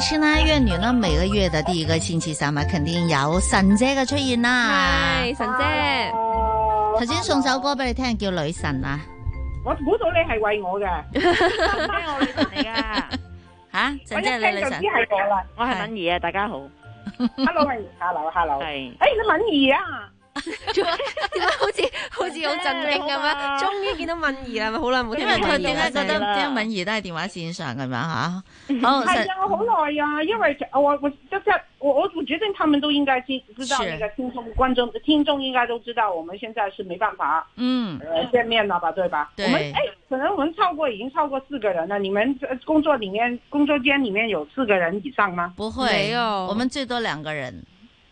親愛的月女，呢每個月的第二個星期三啊，肯定有神姐嘅出現啦。係神姐，頭先 Hello. Hello. 送首歌俾你聽，叫女神 啊。我估到你係為我嘅，唔係我女神嚟噶。吓？我一聽就知係我啦。我係敏儀啊，大家好。Hello，, Hello, Hello. Hey, 敏儀。Hello，Hello。係。誒，敏儀啊？點解 好似 好似、哎、好震驚咁樣？終於見到敏儀咪好耐冇聽到佢，點解點解敏儀都係電話線上噶嘛吓？好，等我好耐啊！因為我我我我，我覺得他們都應該知知道，應該聽眾觀眾是聽眾應該都知道，我們現在是沒辦法、呃、嗯見面了吧，對吧？對我們誒、哎，可能我們超過已經超過四個人了，你們工作裏面工作間裏面有四個人以上嗎？不會，沒有對，我們最多兩個人。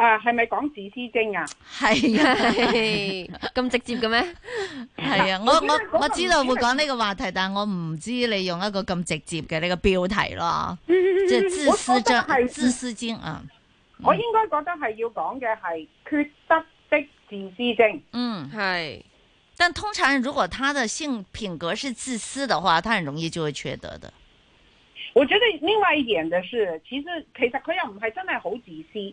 啊，係咪講自私精啊？係啊，咁、啊、 直接嘅咩？係啊，我我我知道會講呢個話題，嗯、但係我唔知你用一個咁直接嘅呢個標題咯，即係、嗯、自私精，自私精啊。嗯、我應該覺得係要講嘅係缺德的自私精。嗯，係。但通常如果他的性品格是自私的話，他很容易就會缺德的。我覺得另外一點的是，其實其實佢又唔係真係好自私。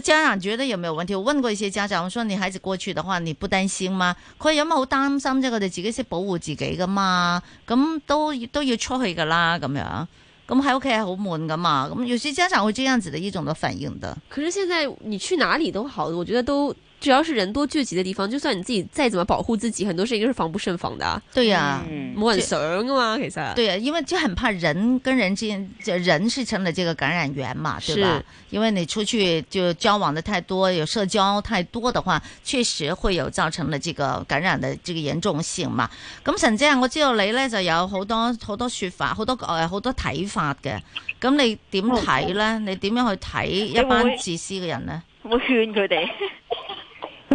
家長覺得有沒有問題？我問過一些家長，我說你孩子過去的話，你不擔心嗎？佢有冇好擔心啫、這個？佢哋自己識保護自己噶嘛？咁、嗯、都都要出去噶啦，咁樣咁喺屋企係好悶噶嘛？咁、嗯、有時家長會這樣子的一種反應的。可是現在你去哪裏都好，我覺得都。只要是人多聚集的地方，就算你自己再怎麼保護自己，很多事情都是防不勝防的。對呀，啊，冇人、嗯、想㗎嘛，其實。對啊，因為就很怕人跟人之間，就人是成了這個感染源嘛，對吧？是因為你出去就交往的太多，有社交太多的話，確實會有造成了這個感染的這個嚴重性嘛。咁陳姐，我知道你咧就有好多好多說法，好多誒好、呃、多睇法嘅。咁你點睇咧？我你點樣去睇一班自私嘅人咧？我勸佢哋。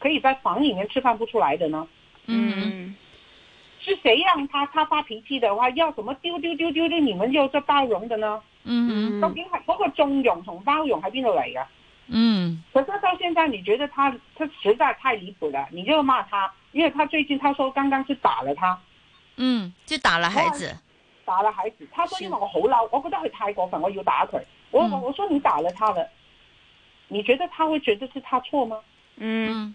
可以在房裏面吃飯不出來的呢？嗯、mm，hmm. 是誰讓他他發脾氣的話要怎麼丟丟丟丟丟，丟你們就這包容的呢？嗯、mm，究竟係嗰個縱容同包容喺邊度嚟噶？嗯，mm hmm. 可是到現在你覺得他他實在太離譜了，你就罵他，因為他最近他說剛剛是打了他，嗯、mm，hmm. 就打了孩子，打了孩子，他說因為我好嬲，我覺得佢太過分，腿是我要打佢，我我說你打了他了，mm hmm. 你覺得他會覺得是他錯嗎？嗯、mm。Hmm.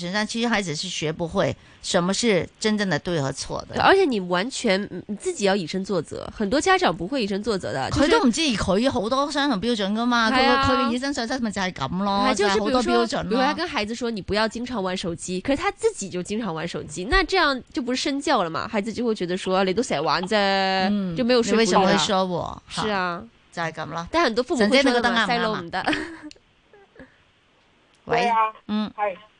其實孩子是學不會什麼是真正的對和錯的，而且你完全你自己要以身作則。很多家長不會以身作則的，他都唔知佢好多相同標準噶嘛，佢佢嘅以身作則咪就係咁咯，還就是好多標準咯。比如，他跟孩子說你不要經常玩手機，可是他自己就經常玩手機，那這樣就不是身教了嘛？孩子就會覺得說你都成日玩啫，嗯、就沒有說你為什麼會說我是啊？就係咁咯，但很多父母會覺得細路唔得。喂、 啊，嗯，係。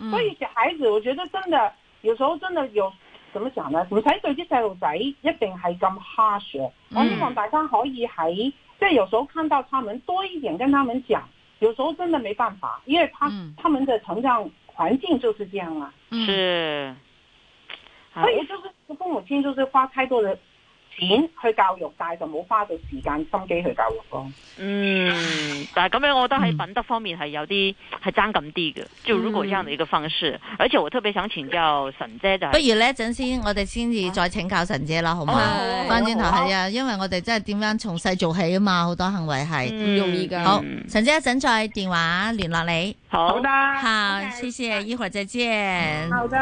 嗯、所以小孩子，我覺得真的，有時候真的有，怎麼講呢，唔使對啲細路仔一定係咁 harsh。我希望大家可以喺，即係有時候看到他們多一點，跟他們講。有時候真的沒辦法，因為他、嗯、他們的成長環境就是這樣啊。是，所以就是父母親就是花太多的。錢去教育，但係就冇花到時間心機去教育咯。嗯，但係咁樣，我覺得喺品德方面係有啲係爭咁啲嘅。就如果這樣的一個方式，而且我特別想請教神姐就。不如呢陣先，我哋先至再請教神姐啦，好唔好？翻轉頭係啊，因為我哋真係點樣從細做起啊嘛，好多行為係唔容易噶。好，神姐一陣再電話聯絡你。好好，得。好，謝謝，一會兒再見。好得。